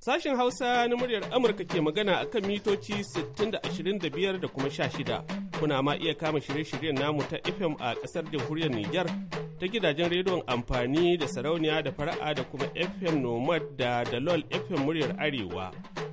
Sashen Hausa na muryar Amurka ke magana a kan mitoci 60 da 25 da kuma 16. Kuna ma iya kama shirye-shiryen namu ta FM a ƙasar jamhuriyar Nijar ta gidajen rediyon amfani da sarauniya da fara'a da kuma FM Nomad da Dalol FM muryar Arewa.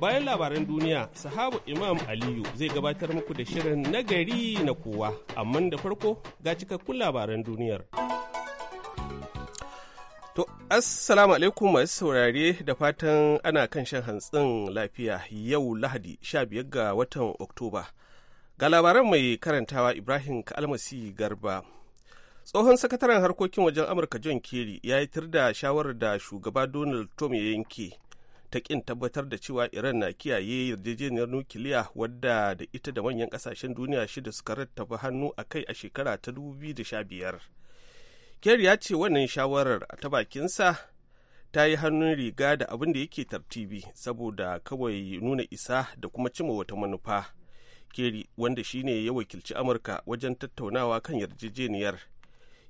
Bayan labaran duniya, sahabu Imam Aliyu zai gabatar muku da shirin nagari na kowa, amma da farko ga cikakkun labaran duniyar. To, Assalamu alaikum masu saurare da fatan ana kan shan hantsin lafiya yau Lahadi 15 ga watan Oktoba. Ga labaran mai karantawa Ibrahim Kalmasi Garba. tsohon sakataren harkokin wajen amurka john kerry ya yi tirda da shawarar da shugaba donald trump ya yanke ta kin tabbatar da cewa iran na kiyaye yarjejeniyar nukiliya wadda da ita da manyan kasashen duniya shida suka rattaba hannu a kai a shekara ta 2015 kerry ya ce wannan shawarar ta bakinsa ta yi hannun riga da abin da yake tartibi saboda kawai nuna isa da kuma cima wata manufa keri wanda shine ya wakilci amurka wajen tattaunawa kan yarjejeniyar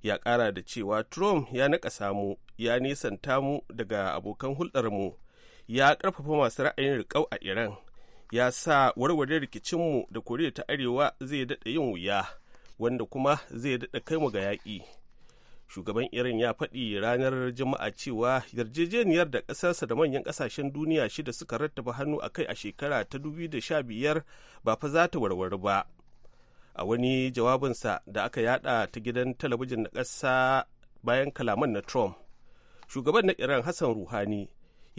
ya kara da cewa trump ya naƙasa mu ya nesanta mu daga abokan hulɗarmu ya ƙarfafa masu ra'ayin rikau a Iran, ya sa warware rikicinmu da Koriya ta Arewa zai daɗa yin wuya, wanda kuma zai daɗa kai mu ga yaƙi. Shugaban Iran ya faɗi ranar Juma'a cewa yarjejeniyar da ƙasarsa da manyan ƙasashen duniya shida suka rattaba hannu a kai a shekara ta 2015 ba fa za ta warware ba. A wani jawabinsa da aka yada ta gidan talabijin na ƙasa bayan kalaman na Trump, shugaban na Iran Hassan Ruhani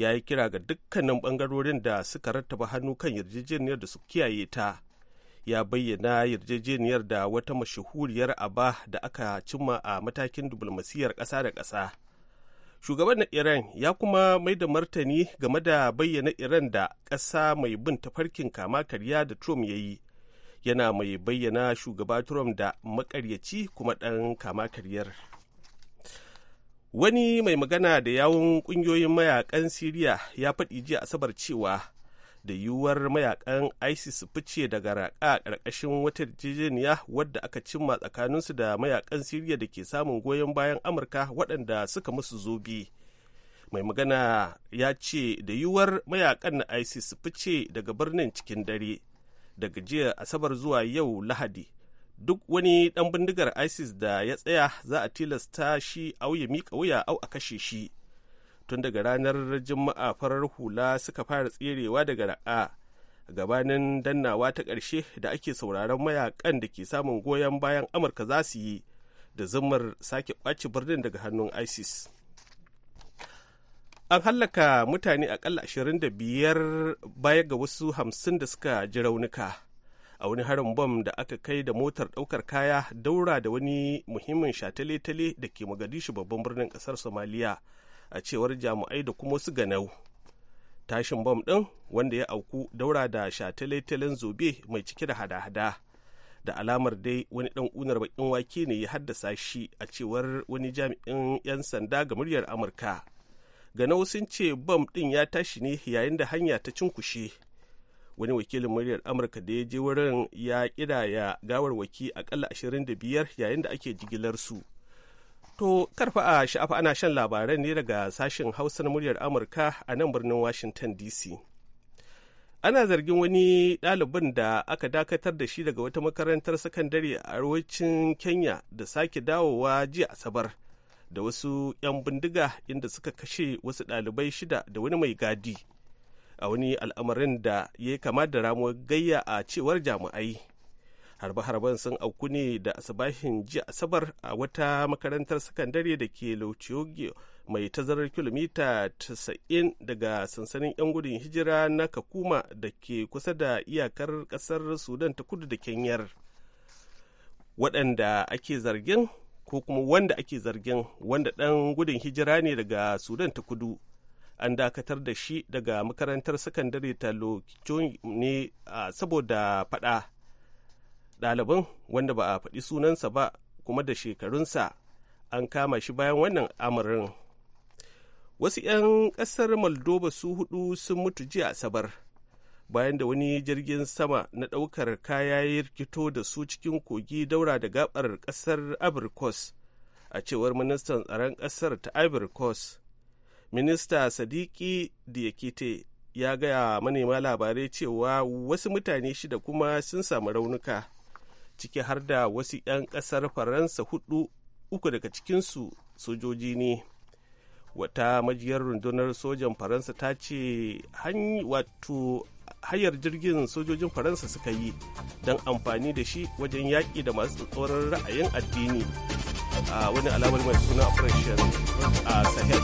ya yi kira ga dukkanin bangarorin da suka rattaba hannu kan yarjejeniyar da su kiyaye ta ya bayyana yarjejeniyar da wata mashahuriyar aba da aka cimma a matakin diplomasiyar ƙasa da ƙasa shugaban na iran ya kuma mai da martani game da bayyana iran da ƙasa mai bin tafarkin kama karya da trump ya yi yana mai bayyana shugaba trump da makaryaci kuma ɗan kama karyar wani mai magana da yawun kungiyoyin mayakan siriya ya faɗi jiya asabar cewa da yiwuwar mayakan isis fice daga raƙa ƙarƙashin wata yarjejeniya wadda aka cimma tsakaninsu da mayakan siriya da ke samun goyon bayan amurka waɗanda suka musu zobe mai magana ya ce da yiwuwar mayakan na isis su fice daga birnin cikin dare daga jiya asabar zuwa yau lahadi duk wani ɗan bindigar isis da ya tsaya za a tilasta shi au ya miƙa wuya au a kashe shi tun daga ranar juma'a farar hula suka fara tserewa daga ra'a gabanin dannawa ta ƙarshe da ake sauraron mayakan da ke samun goyon bayan amurka za su yi da zumar sake ƙwace birnin daga hannun isis an hallaka mutane akalla 25 baya ga wasu 50 da suka ji raunuka a wani harin bom da aka kai da motar ɗaukar kaya daura da wani muhimmin shatale-tale da ke Magadishu babban birnin ƙasar somaliya a cewar jami'ai da kuma wasu ganau tashin bom ɗin wanda ya auku daura da shatale-talen zobe mai cike da hada-hada da alamar dai wani ɗan unar bakin wake ne ya haddasa shi a cewar wani jami'in 'yan sanda ga muryar amurka ganau sun ce bom ɗin ya tashi ne yayin da hanya ta cinkushe wani wakilin muryar amurka da ya je wurin ya kidaya waki akalla 25 yayin da ake jigilar su to karfa a sha'afa ana shan labaran ne daga sashen hausa muryar amurka a nan birnin washington dc ana zargin wani ɗalibin da aka dakatar da shi daga wata makarantar sakandare a arewacin kenya da sake dawowa jiya asabar da wasu 'yan bindiga inda suka kashe wasu ɗalibai shida da wani mai gadi a wani al'amarin da ya kama da ramuwar gayya a cewar jami'ai harbe-harben sun auku ne da asibahin jiya asabar a wata makarantar sakandare da ke lauciyogi mai tazarar kilomita 90 daga sansanin 'yan gudun hijira na kakuma da ke kusa da iyakar kasar sudan ta kudu da kenyar waɗanda ake zargin ko kuma wanda ake zargin wanda ɗan gudun hijira ne daga sudan ta kudu an dakatar da shi daga makarantar sakandare ta ne saboda faɗa ɗaliban wanda ba a faɗi sunansa ba kuma da shekarunsa an kama shi bayan wannan amurin wasu 'yan ƙasar moldova su hudu sun mutu jiya sabar bayan da wani jirgin sama na ɗaukar kaya ya rikito da su cikin kogi daura da gabar ƙasar ivory a cewar ministan tsaron ƙasar ta ivory coast minista sadiki diakite ya gaya manema labarai cewa wasu mutane shida kuma sun samu raunuka ciki har da wasu 'yan kasar faransa hudu uku daga cikinsu sojoji ne wata majiyar rundunar sojan faransa ta ce wato hayar jirgin sojojin faransa suka yi don amfani da shi wajen yaƙi da masu tsoron ra'ayin addini a wani alamar mai suna operation a sahel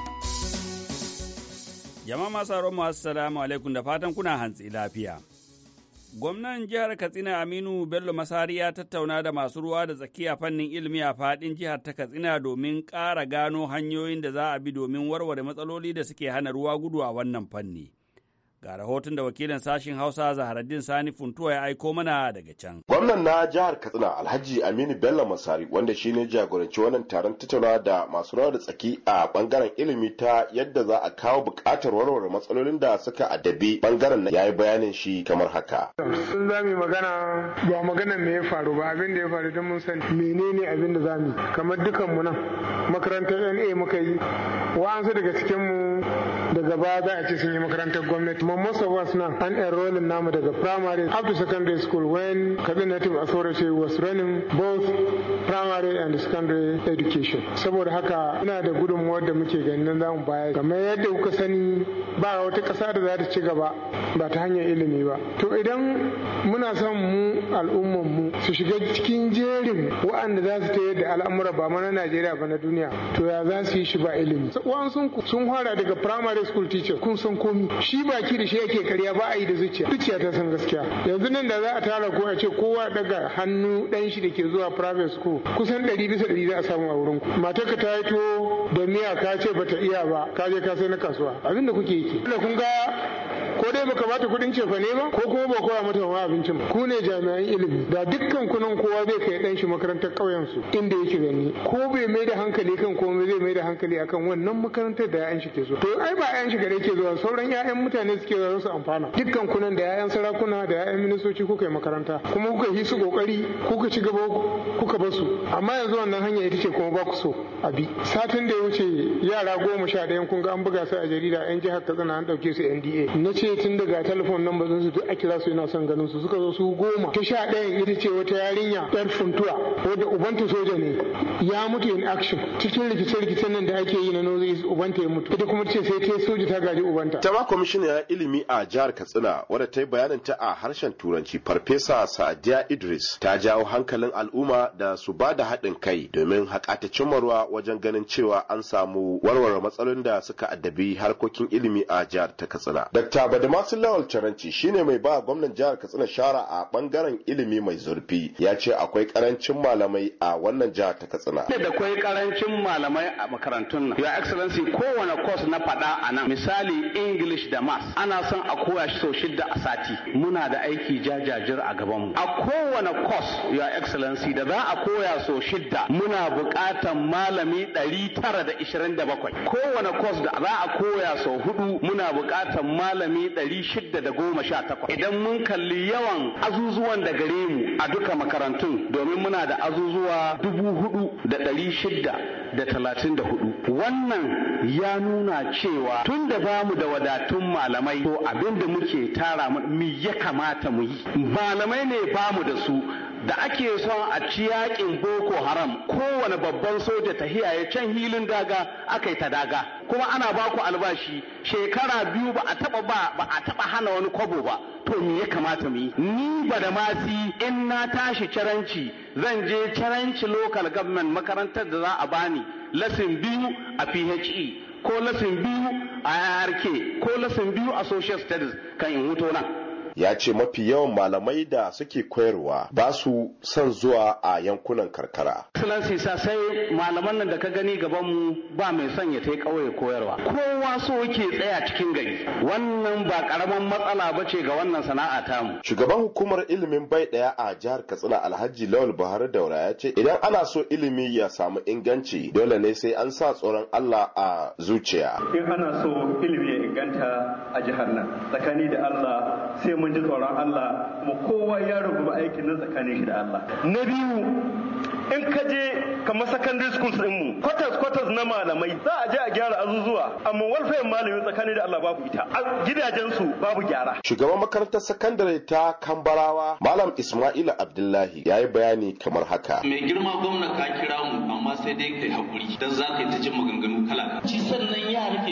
Jama'a masu haro mu assalamu alaikum da fatan kuna hantsi lafiya. Gwamnan jihar Katsina Aminu Bello Masari ya tattauna da masu ruwa da tsakiya fannin ilimi a fadin jihar ta Katsina domin ƙara gano hanyoyin da za a bi domin warware matsaloli da suke hana ruwa gudu a wannan fanni. Ga rahoton da wakilin sashen Hausa Zaharaddin Sani Funtuwa ya aiko mana daga can. Gwamnan na jihar Katsina Alhaji Aminu Bello Masari wanda shine ne jagoranci wannan taron tattaunawa da masu rawar da tsaki a bangaren ilimi ta yadda za a kawo bukatar warware matsalolin da suka addabi bangaren ya yi bayanin shi kamar haka. Sun za mu magana ba magana me ya faru ba abin da ya faru don mun sani menene abin da za mu kamar dukan mu nan makarantar NA muka yi wa'ansu daga cikin mu daga baya za a ce sun yi makarantar gwamnati mu most of us nan an enrolling namu daga primary up to secondary school when kabin Native Authority was running both primary and secondary education saboda haka ina da gudunmuwar da muke ganin za mu baya kamar yadda kuka sani ba wata ƙasa da za ta ci gaba ba ta hanyar ilimi ba to idan muna son mu al'umman mu su shiga cikin jerin waɗanda za su ta yadda al'amura ba mana Najeriya ba na duniya to ya za su yi shi ba ilimi sun daga primary secondary school teacher kun san komi shi baki da shi yake karya ba a yi da zuciya zuciya ta san gaskiya yanzu nan da za a tara ko a ce kowa daga hannu dan shi da ke zuwa private school kusan ɗari bisa za a samu a wurin ku matarka ta yi to da miya ka ce bata iya ba ka je ka sai na kasuwa abin da kuke yi kun ga ko dai baka bata kudin cefa ne ba ko kuma ba koya mata ma abincin ba ku ne jami'an ilimi da dukkan kunan kowa zai kai dan shi makarantar ƙauyen su inda yake gani ko bai mai da hankali kan ko zai mai da hankali akan wannan makarantar da 'ya'yan shi ke zuwa to ai ba 'ya'yan shi gare ke zuwa sauran 'ya'yan mutane suke zuwa su amfana dukkan kunan da 'ya'yan sarakuna da 'ya'yan ministoci kuka yi makaranta kuma kuka yi su kokari kuka ci gaba kuka bar su amma yanzu wannan hanya ita ce kuma ba ku so a bi satin da ya wuce yara goma sha ɗayan kun ga an buga su a jarida 'yan jihar katsina an ɗauke su nda na ce ce tun daga telefon nan bazan su a kira su yana son ganin su suka zo su goma ta sha ɗayan ita ce wata yarinya ɗan funtuwa wanda ubanta soja ne ya mutu in action cikin rikice rikice nan da ake yi na nozi ubanta ya mutu ita kuma ce sai ta soja ta gaji ubanta ta ba ya ilimi a jihar katsina wadda ta yi bayanin ta a harshen turanci farfesa sadiya idris ta jawo hankalin al'umma da su ba da haɗin kai domin haƙata cimarwa wajen ganin cewa an samu warware matsalolin da suka addabi harkokin ilimi a jihar ta katsina. Dr. Badamasu Lawal Caranci shine mai ba gwamnan jihar Katsina shara a bangaren ilimi mai zurfi ya ce akwai karancin malamai a wannan jihar ta Katsina. Da akwai karancin malamai a makarantun nan. Your Excellency kowane course na faɗa a nan misali English da Maths ana son a koya shi sau shidda a sati. Muna da aiki jajajir a gabanmu. A kowane course Your Excellency da za a koya sau shida muna buƙatan malami ɗari tara da ishirin da bakwai. Kowane course da za a koya sau hudu muna buƙatan malami takwas. idan mun kalli yawan azuzuwan da gare mu a duka makarantun domin muna da azuzuwa 4,634 wannan ya nuna cewa tun da ba mu da wadatun malamai to abin da muke tara mu ya kamata mu yi malamai ne ba mu da su da ake son a ci yakin boko haram kowane babban soja ta hiyaye can hilin daga aka yi ta daga kuma ana ba ku albashi shekara biyu ba a taba ba ba a taba hana wani kwabo ba to me ya kamata mu yi ni ba da masi in na tashi caranci zan je caranci local government makarantar da za a bani lasin biyu a PHE ko lasin biyu a ARK ko lasin biyu a social studies kan in huto nan ya ce mafi yawan malamai da suke koyarwa ba su son zuwa a yankunan karkara. Excellency sa sai malaman nan da ka gani gaban mu ba mai son ya tai ƙauye koyarwa. Kowa so yake tsaya cikin gari. Wannan ba karaman matsala ba ce ga wannan sana'a tamu. Shugaban hukumar ilimin bai ɗaya a jihar Katsina Alhaji Lawal Buhari Daura ya ce idan ana so ilimi ya samu inganci dole ne sai an sa tsoron Allah a zuciya. Idan ana so ilimi ya inganta a jihar nan tsakani da Allah sai mun ji tsoron Allah kuma kowa ya rubuta aikin na tsakanin shi da Allah na biyu in ka je kamar secondary schools din mu kwatas quarters na malamai za a je a gyara azuzuwa amma walfayan malami tsakanin da Allah babu ita a gidajen su babu gyara shugaban makarantar sakandare ta Kambarawa malam Ismaila Abdullahi ya yi bayani kamar haka mai girma gwamna ka kira mu amma sai dai kai hakuri dan za ka yi ta jin maganganu kala ci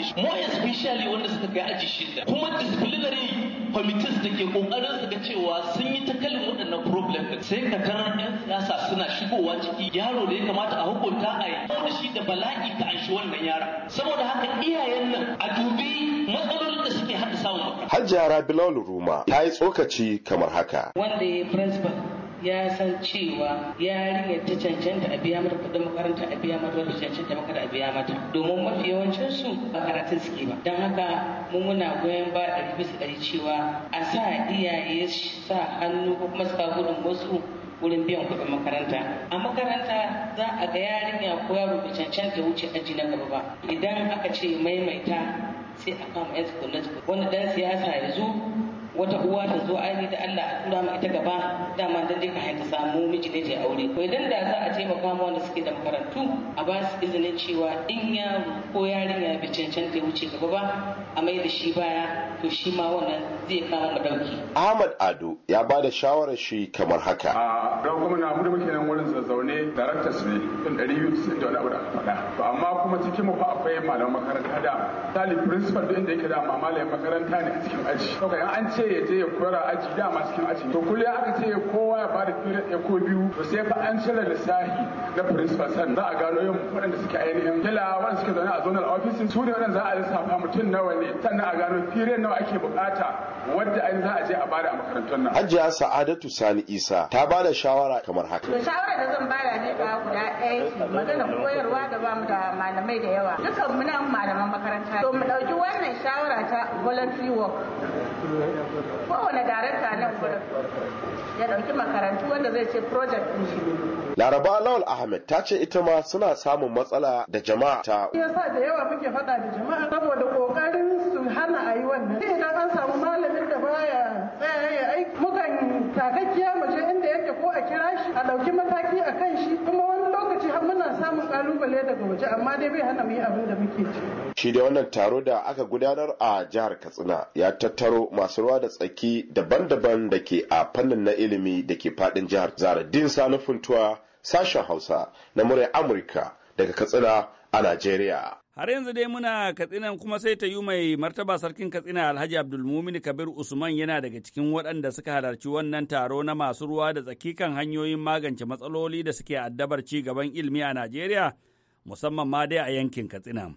haɗe su especially wanda suka kai aji da. kuma disciplinary committees da ke kokarin su ga cewa sun yi takalin waɗannan problem din sai ka tarar yan siyasa suna shigowa ciki yaro da ya kamata a hukunta a yi da shi da bala'i ka anshi wannan yara saboda haka iyayen nan a dubi matsalolin da suke haddasa wa Hajjara Bilal Ruma ta yi tsokaci kamar haka. Wanda ya yi principal ya san cewa yarinya ta cancanta a biya mata kuɗin makaranta a biya mata wata cancanta maka da a biya mata domin mafi yawancin su ba karatun suke ba don haka mu muna goyon ba da bisa ɗari cewa a sa iyaye sa hannu ko kuma sa gudun wasu wurin biyan kuɗin makaranta a makaranta za a ga yarinya ko yaro bai cancanta wuce aji na gaba ba idan aka ce maimaita sai a kama yan tukunan wani dan siyasa ya zo wata uwa ta zo aini da Allah a tura ma ita gaba dama dan dai ka samu miji ne je aure ko idan da za a taimaka mu wanda suke da makarantu a ba su izinin cewa in yaro ko yarinya bai cancanta ya wuce gaba ba a mai da shi baya to shi ma wannan zai kama mu dauki Ahmad Ado ya ba da shawarar shi kamar haka a dan kuma na mu da muke nan wurin zazzaune directors ne in 200 da wani abu da faɗa to amma kuma cikin mu fa akwai malaman makaranta da tali principal da inda yake da ma malamin makaranta ne a cikin aji to kai an ce ya je ya koyar aji da ma cikin aji to kullum aka ce kowa ya bada period ya ko biyu to sai fa an cire lissafi na principal san za a gano yin waɗanda suke ainihin kila waɗanda suke zaune a zonal offices su ne waɗanda za a lissafa mutum nawa ne sannan a gano period nawa ake bukata wadda an za a je a bada a makarantar nan Hajiya Sa'adatu Sani Isa ta ba da shawara kamar haka shawara da zan bada ne ba guda ɗaya magana koyarwa da ba mu da malamin malamai da yawa dukan muna malaman makaranta to mu dauki wannan shawara ta voluntary work kowane darakta nan ya dauki makarantu wanda zai ce project din Laraba Lawal Ahmed ta ce ita ma suna samun matsala da jama'a ta. Yasa da yawa muke faɗa da jama'a saboda kokarin su hana a yi wannan. Idan an samu malamin da baya tsaya aiki mukan takakkiya mu je inda yake ko a kira shi a ɗauki mataki a kan shi kuma samun kalubale daga waje amma dai bai hana mu yi abin da muke ci. Shi da wannan taro da aka gudanar a jihar Katsina ya tattaro masu ruwa da tsaki daban-daban da ke a fannin na ilimi da ke fadin jihar Zaradin Sanufuntuwa sashen Hausa na murya Amurka daga Katsina a Najeriya. Har yanzu dai muna katsina kuma sai ta yi mai martaba sarkin katsina Alhaji Abdulmumin Kabir Usman yana daga cikin waɗanda suka halarci wannan taro na masu ruwa da tsakikan hanyoyin magance matsaloli da suke addabar ci gaban ilimi a Najeriya musamman ma dai a yankin Katsina.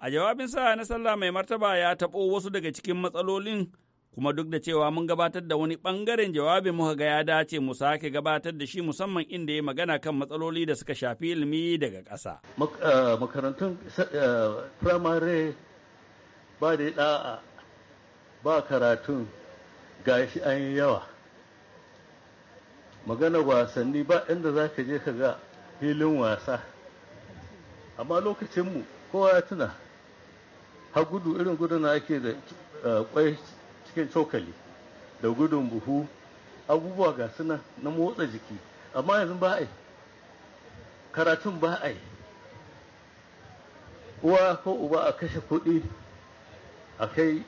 A jawabinsa na sallah mai martaba ya taɓo wasu daga cikin matsalolin kuma duk da cewa mun gabatar da wani bangaren jawabin muka ga ya dace mu sake gabatar da shi musamman inda ya magana kan matsaloli da suka shafi ilimi daga ƙasa. Eh, makarantun eh, firamare ba da ɗa'a ba karatun gashi an yi yawa magana wasanni ba inda za ka je ka ga filin wasa amma lokacinmu kowa ya tuna har gudu irin gudu ake da eh, kwai cikin cokali da gudun buhu abubuwa ga suna na motsa jiki amma yanzu ba a yi karatun ba a yi uwa ko uba a kashe kuɗi a kai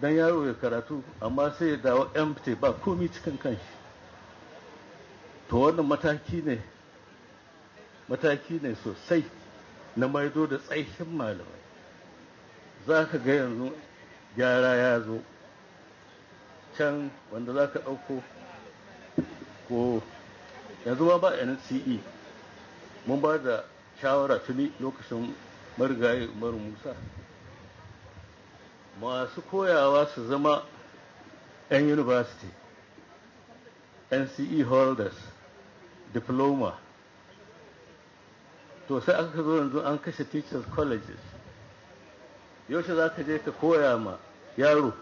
don yaro ya karatu amma sai ya dawo empty ba komi cikin kanshi to wannan mataki ne mataki ne sosai na maido da tsaihin malamai za ka ga yanzu gyara ya zo can wanda za ka ɗauko ko yanzu ma ba nce mun ba da shawara tuni lokacin marigayi umaru musa masu koyawa su zama 'yan university nce holders diploma to sai aka zo yanzu an kashe teachers colleges yaushe za ka je ka koya ma yaro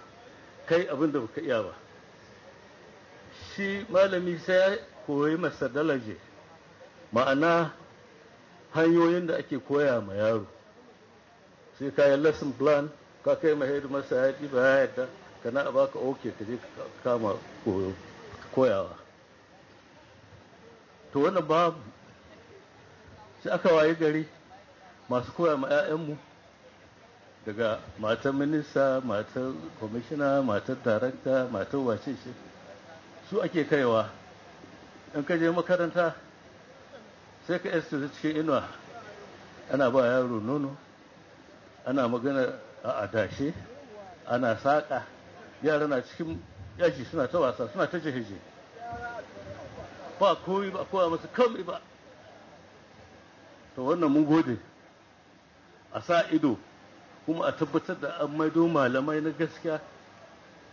kai abin da baka iya ba shi malami sai ya koyi dalaje ma'ana hanyoyin da ake koya ma yaro sai ka yi lesson plan ka kai ma masa ya ɗi ba ya yadda kana a baka oke ka je ka kama koyawa to wannan babu sai aka waye gari masu koya ma 'ya'yanmu daga matan minista matan kwamishina matan darakta matan wace shi su ake kaiwa in ka je makaranta sai ka yasta cikin inuwa ana ba yaro nono ana magana a adashe ana saƙa yara na cikin yaji suna ta wasa suna ta jiheje ba koyi ba kowa masu kalli ba to wannan mun gode a sa ido kuma a tabbatar da an maido malamai na gaskiya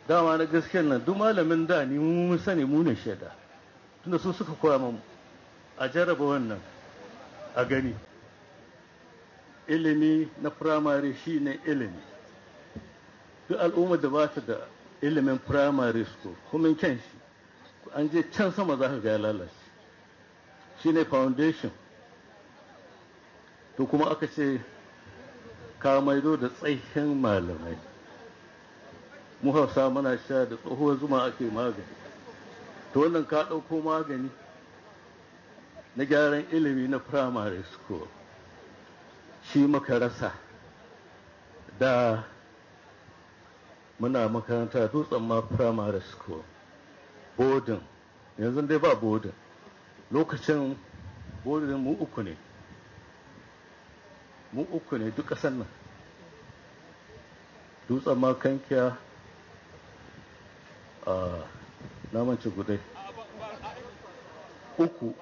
dama na gaskiyar nan duk malamin da ni mun sani mu ne shaida tunda su suka koya mamu a jaraba wannan a gani ilimi na firamare shi ne ilimi duk al'umma da ba ta da ilimin firamare school kuma kyan shi an je can sama za ka ga lalace shi ne foundation to kuma aka ce ka maido da tsayin malamai mu hausa muna sha da tsohuwar zuma ake magani to wannan ka ɗauko magani na gyaran ilimi na primary school shi muka rasa da muna makaranta dutsen ma primary school boarding yanzu dai ba boarding lokacin boarding mu uku ne mun uku ne duk ƙasar nan dutsen makankiya a namanci gudai uku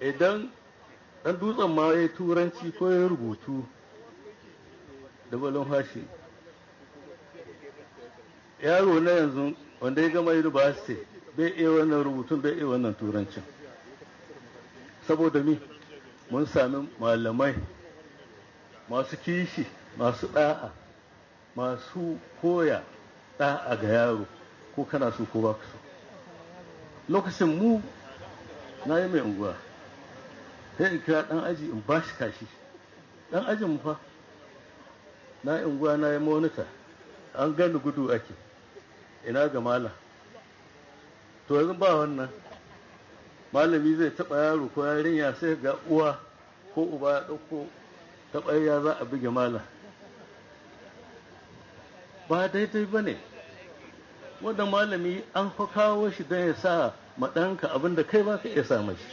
idan ɗan dutsen ma ya yi turanci ko ya rubutu da balon hashi yaro na yanzu wanda ya gama university bai iya wannan rubutun bai iya wannan turancin saboda mi mun sami malamai masu kishi masu ɗa'a masu koya ɗa'a ga yaro ko kana su ko ba su. lokacin mu na yi mai unguwa sai in kira ɗan aji in ba shi kashi ɗan ajin mu fa na yi unguwa na yi monita an gani gudu ake ina ga mala to yanzu ba wannan malami zai taɓa yaro ko yarinya sai ga uwa ko uba ya ɗauko taɓarya za a buge malam ba daidai ba ne wanda malami an fa kawo shi don ya sa maɗanka abinda kai baka ka iya sa mashi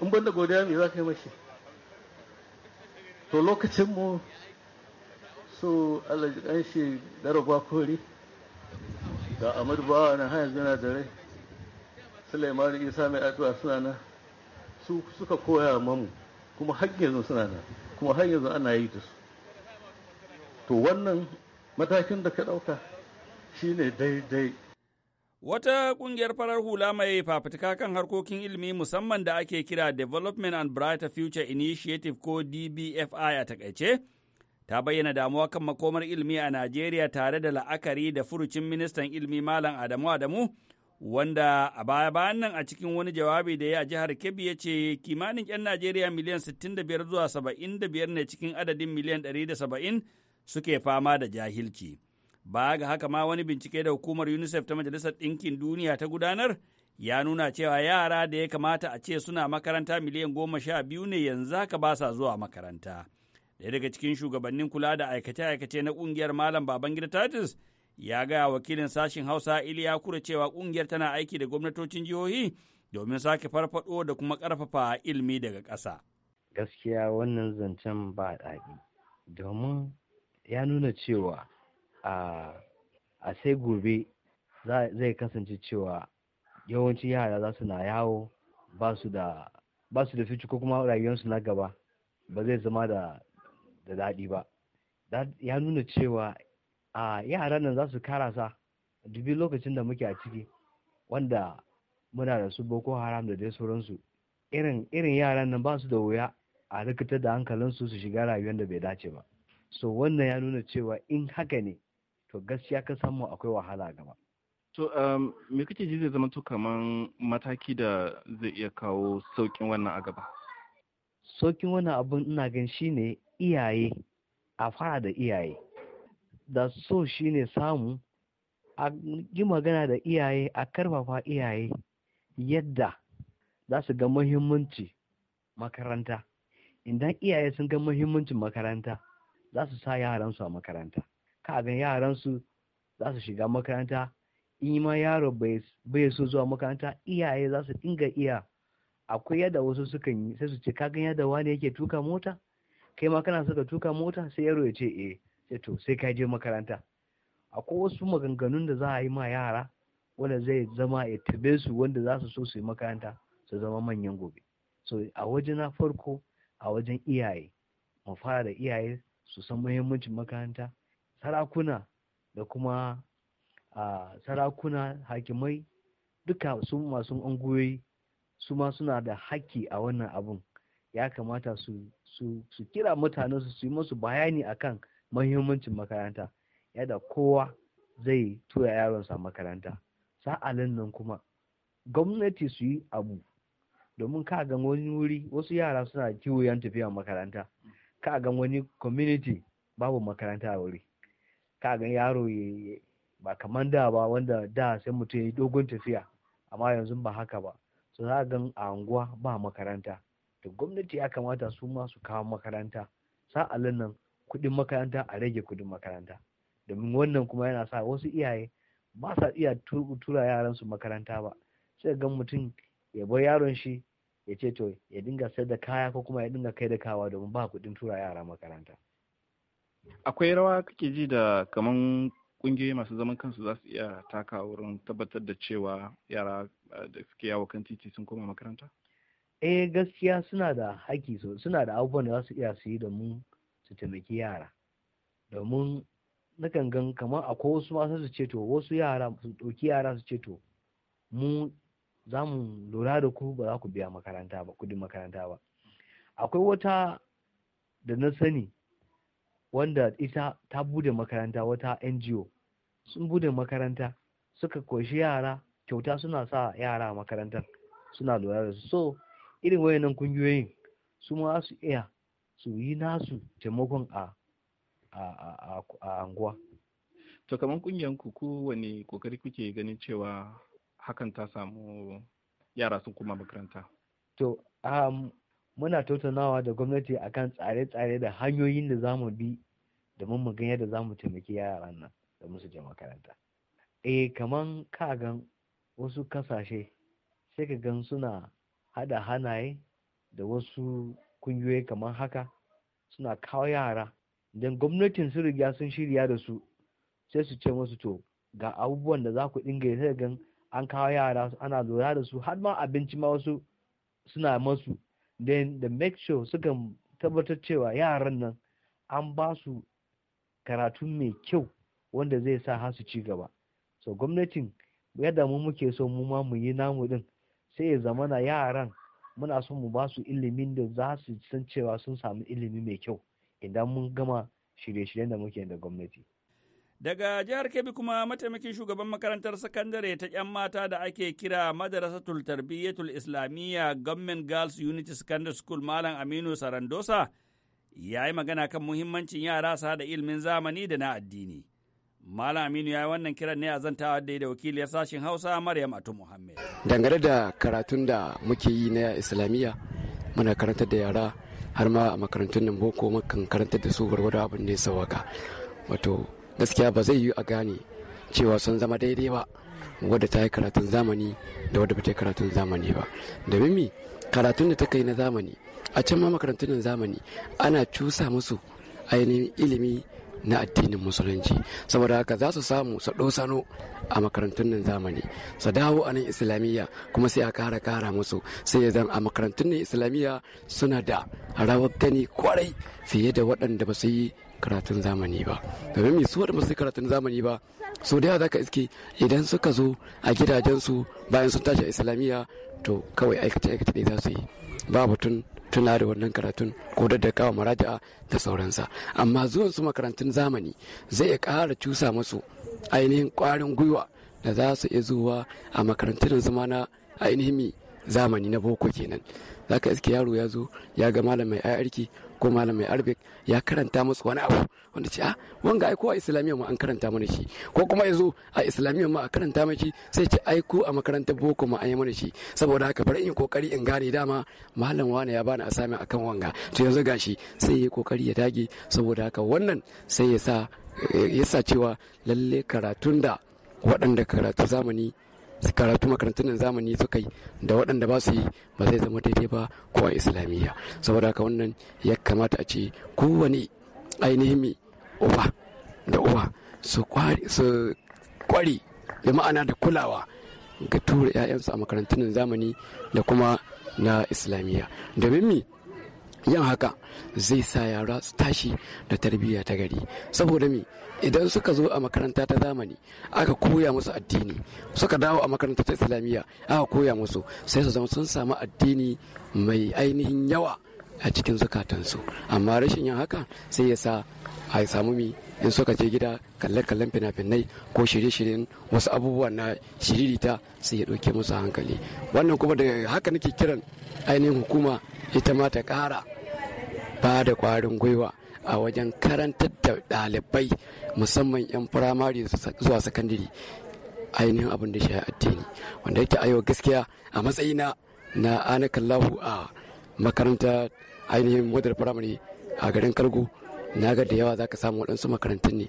in banda godiya me za ka yi mashi to lokacin mu so Allah alajikan shi daraba kori da amadu bawa na hanyar zina da rai Suleiman Isa mai addu'a suna nan su suka koya mamu kuma yanzu suna nan kuma hanyar yanzu ana yi da su to wannan matakin da ka ɗauka shine daidai Wata ƙungiyar farar hula mai fafutuka kan harkokin ilimi musamman da ake kira Development and Brighter Future Initiative ko DBFI a takaice, ta bayyana damuwa kan makomar ilimi a Najeriya tare da la'akari da furucin ministan ilimi Malam Adamu Adamu wanda a baya-bayan nan a cikin wani jawabi da ya a jihar Kebbi ya ce kimanin 'yan Najeriya miliyan 65 zuwa 75 ne cikin adadin miliyan 170 suke fama da jahilci. Ba ga haka ma wani bincike da hukumar UNICEF ta Majalisar Ɗinkin Duniya ta gudanar ya nuna cewa yara da ya kamata a ce suna makaranta miliyan goma sha biyu ne yanzu haka ba sa zuwa makaranta. Daya daga cikin shugabannin kula da aikace-aikace na ƙungiyar Malam Babangida Tatis ya gaya wakilin sashin hausa iliya kura cewa kungiyar tana aiki da gwamnatocin jihohi domin sake farfado da kuma karfafa ilmi daga ƙasa. gaskiya wannan zancen ba daɗi domin ya nuna cewa a sai gobe zai kasance cewa yawancin yara za su na yawo ba su da fici ko kuma rayuwarsu na gaba ba zai zama da daɗi ba ya nuna cewa a yaran nan za su karasa dubi lokacin da muke a ciki wanda muna da su boko haram da dai sauransu irin yaran nan ba su da wuya a rikitar da hankalinsu su shiga rayuwar da bai dace ba so wannan ya nuna cewa in haka ne to gaskiya ka samu akwai wahala gaba to um, me kake ji zai zama to kaman mataki da zai iya kawo saukin wannan a gaba saukin wannan abun ina gan shine iyaye a fara da iyaye da so shine samu a yi magana da iyaye a karfafa iyaye yadda za su ga muhimmanci makaranta idan iyaye sun ga muhimmancin makaranta za su sa yaransu a makaranta kagan yaransu za su shiga makaranta in ma yaro bai so zuwa makaranta iyaye za su dinga iya akwai yadda wasu suka yi sai su ce kagan yadda wani yake tuka mota kai ma kana suka tuka mota sai yaro ya ce eh sai to sai ka je makaranta akwai wasu maganganun da za a yi ma yara wanda zai zama ya tabe su wanda za su so su yi makaranta su zama manyan gobe so a waje na farko a wajen iyaye mu fara da iyaye su san muhimmancin makaranta sarakuna da kuma sarakuna hakimai duka su masu unguwai su ma suna da haƙƙi a wannan abun ya kamata su kira mutanen su yi musu bayani akan mahimmancin makaranta yadda kowa zai tura yaronsa makaranta sa'alin nan kuma gwamnati su yi abu domin ka ga wani wuri wasu yara suna kiwoyan tafiya makaranta ka ga wani community babu makaranta a wuri ka ga yaro ba kamar da ba wanda da sai mutum ya yi dogon tafiya amma yanzu ba haka ba su za gan a anguwa ba makaranta da gwamnati ya kamata su ma su kawo makaranta sa'alin nan kuɗin makaranta a rage kuɗin makaranta domin wannan kuma yana sa wasu iyaye ba sa iya tura yaran su makaranta ba sai ga mutum ya bar yaron shi ya ce to ya dinga sayar da kaya ko kuma ya dinga kai da kawa domin ba kuɗin tura yara makaranta akwai rawa kake ji da kaman kungiyoyi masu zaman kansu za su iya taka wurin tabbatar da cewa yara da suke yawo kan titi sun koma makaranta eh gaskiya suna da haƙƙi suna da abubuwan da za su iya su yi domin su taimaki yara domin nakan gan kamar akwai wasu masu su ce wasu yara su ɗauki yara su ce to mu za mu lura da ku ba za ku biya makaranta ba kudin makaranta ba akwai wata da na sani wanda ita ta bude makaranta wata ngo sun bude makaranta suka koshi yara kyauta suna sa yara makarantar suna lura da su so irin wayannan kungiyoyin su ma su iya su yi nasu taimakon a a anguwa to kamar kungiyan ku kowane kokari kuke ganin cewa hakan ta samu yara sun kuma makaranta to um, muna tattaunawa da gwamnati akan tsare-tsare da hanyoyin da zamu bi da mun magan yadda mu taimaki yaran nan da musu je makaranta eh kaman ka gan wasu kasashe sai ka gan suna hada hanaye da wasu kungiyoyi kamar haka suna kawo yara idan gwamnatin su riga sun shirya da su sai su ce musu to ga abubuwan da za ku dinga yi gan an kawo yara ana lura da su har ma abinci ma wasu suna masu then the make sure kan tabbatar cewa yaran nan an ba su karatu mai kyau wanda zai sa har su ci gaba so gwamnatin yadda mu muke so mu ma mu yi namu din sai ya zamana yaran muna son mu ba su ilimin da za su san cewa sun samu ilimi mai kyau idan mun gama shirye-shiryen da muke da gwamnati. Daga jihar Kebbi kuma mataimakin shugaban makarantar sakandare ta 'yan mata da ake kira Madarasatul Tarbiyyatul Islamiyya Government Girls Unity Secondary School Malam Aminu Sarandosa ya yi magana kan muhimmancin yara su da ilimin zamani da na addini. Malam Aminu ya yi wannan kiran ne a zantawa da da wakiliyar sashen Hausa Maryam Atu Muhammad. Dangane da karatun da muke yi na Islamiyya muna karantar da yara har ma a makarantun nan boko mukan karantar da su gwargwado abin da ya sawaka. Wato gaskiya ba zai yi a gane cewa sun zama daidai ba wadda ta yi karatun zamani da wadda ba ta yi karatun zamani ba. Da mimi karatun da ta kai na zamani a can ma makarantun zamani ana cusa musu ainihin ilimi na addinin musulunci saboda haka za su samu su sano a makarantun nan zamani su dawo a nan islamiyya kuma sai a kara kara musu sai ya zan a makarantun nan islamiyya suna da rawar gani kwarai fiye da waɗanda ba su yi karatun zamani ba domin mai su waɗanda ba su yi karatun zamani ba so da yawa za ka iske idan suka zo a gidajensu bayan sun tashi islamiyya to kawai aikace aikace ne za su yi ba batun tuna da wannan karatun ko da kawo maraja'a da sauransa amma zuwan su makarantun zamani zai iya ƙara cusa masu ainihin kwarin gwiwa da za su iya zuwa a makarantun zama na ainihin zamani na boko kenan zaka iske yaro ya zo ya ga malam mai aiki. ko malam mai arabic ya karanta musu wani abu wanda ce ah wanga ai a islamiyya ma an karanta mana shi ko kuma yazo a islamiyya ma a karanta mana shi sai ce ai a makarantar boko ma an yi mana shi saboda haka bari in kokari in gane dama malam wani ya bani asami akan wanga to yanzu gashi sai yayi kokari ya dage saboda haka wannan sai ya sa yasa cewa lalle karatun da waɗanda karatu zamani karatu makarantun zamani suka yi da waɗanda ba su yi ba zai zama daidai ba ko a islamiyya saboda haka wannan ya kamata a ce kowane ainihin uba da uwa su kwari da ma'ana da kulawa ga tura 'ya'yansu a makarantun zamani da kuma na islamiyya domin mi yin haka zai sa yara su tashi da tarbiyya ta gari saboda me idan suka zo a makaranta ta zamani aka koya musu addini suka dawo a makaranta ta islamiyya aka koya musu sai su zama sun samu addini mai ainihin yawa a cikin zukatansu amma rashin yin haka sai ya sa a samu mi in suka je gida kalle-kallen fina-finai ko shirye-shiryen wasu abubuwa na shiririta sai ya ɗauke musu hankali wannan kuma da haka nake kiran ainihin hukuma ita ma ta ƙara ba da ƙwarin gwiwa a wajen karantar da ɗalibai musamman 'yan firamare zuwa sakandare ainihin abin da shi addini wanda yake a gaskiya a matsayina na anakallahu a makaranta ainihin modar firamare a garin kargo na ga da yawa za ka samu waɗansu makarantun ne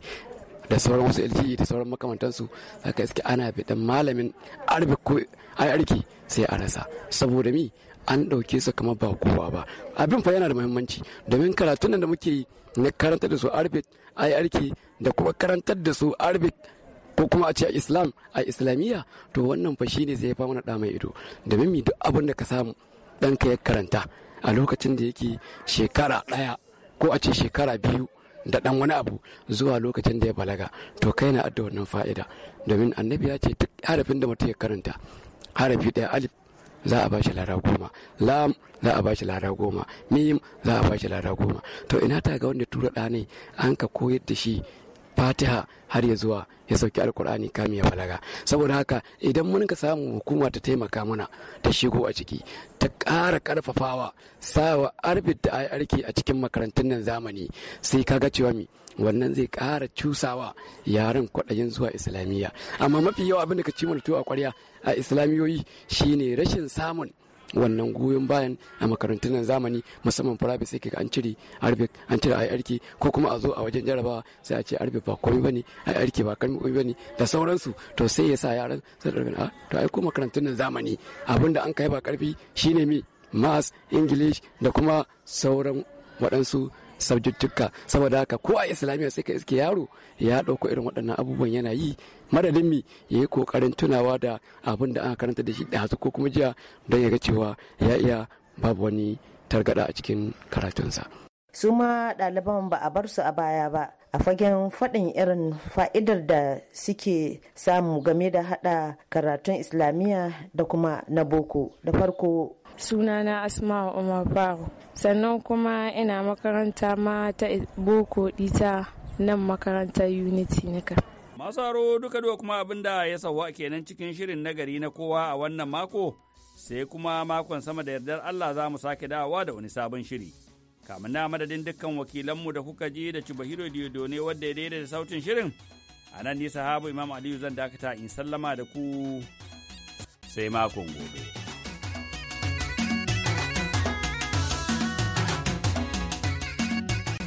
da sauran wasu LTE da sauran makamantansu za ka iske ana bidan malamin arki sai a rasa saboda mi an ɗauke sa kamar ba kowa ba abin fa yana da muhimmanci domin karatun da muke yi na karantar da su arabic a arki da kuma karantar da su arabic ko kuma a ce islam a islamiyya to wannan fa shine zai fa mana da mai ido domin mi duk abin da ka samu ɗanka ya karanta a lokacin da yake shekara ɗaya ko a ce shekara biyu da dan wani abu zuwa lokacin da ya balaga to kai na adda wannan fa'ida domin annabi ya ce duk harafin da mutum ya karanta harafi daya alif za a bashi lara goma lam za a bashi lara goma mim za a bashi lara goma to ina ta ga wanda tura ɗa ne an ka koyar da shi fatiha har ya zuwa ya sauki alkur'ani kami ya balaga saboda haka idan mun ka samu hukuma ta taimaka mana ta shigo a ciki ta ƙara ƙarfafawa sawa arbit da ai arki a cikin makarantun nan zamani sai kaga cewa mi wannan zai ƙara cusawa yaren kwaɗayin zuwa islamiyya amma mafi yawa abin da ka ci mana tuwa a ƙwarya a islamiyoyi shine rashin samun wannan goyon bayan a makarantun nan zamani musamman private sai kaga an cire arbe an cire ai arki ko kuma a zo a wajen jarabawa sai a ce arbe ba komai bane ai arki ba komai bane da sauransu to sai ya sa yaran sai a ah, to ai ko makarantun nan zamani abinda an kai ba karfi shine me maths english da kuma sauran waɗansu saujuttuka saboda haka ko a islamiyya sai ka iske yaro ya ɗauko irin waɗannan abubuwan yana yi madadin mi ya yi ƙoƙarin tunawa da abin da aka karanta da shi da hasu ko kuma jiya don ya ga cewa ya iya babu wani targada a cikin karatunsa. su ma ɗaliban ba a bar su a baya ba a fagen faɗin irin fa'idar da suke samu game da haɗa karatun islamiyya da kuma na boko da farko sunana asma umar faru sannan kuma ina makaranta ma ta boko dita nan makarantar unity nika masu haro duka duka kuma abinda ya sauwa kenan cikin shirin nagari na kowa a wannan mako sai kuma makon sama da yardar allah za mu sake dawowa da wani sabon shiri kamun na madadin dukkan wakilanmu da kuka ji da cibahiro diodo ne wadda ya da sautin shirin a nan nisa habu imam aliyu zan dakata in sallama da ku sai makon gobe.